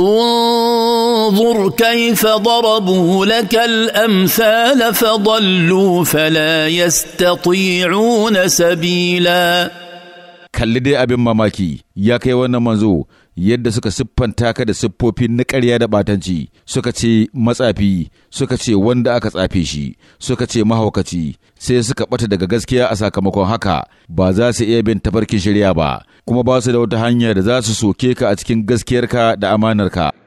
انظر كيف ضربوا لك الامثال فضلوا فلا يستطيعون سبيلا kalli dai abin mamaki ya kai wannan manzo yadda suka siffanta ka da siffofi na ƙarya da batanci suka ce matsafi suka ce wanda aka tsafe shi suka ce mahaukaci sai suka bata daga gaskiya a sakamakon haka ba za su iya bin tafarkin shirya ba kuma ba su da wata hanya da za su soke ka a cikin gaskiyarka da amanarka